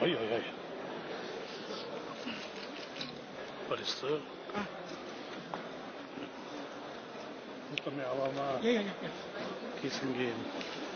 Oui, oui, oui. Pas les sœurs. Ah. Ich kann mir aber mal ja, ja, ja. ja. Kissen gehen.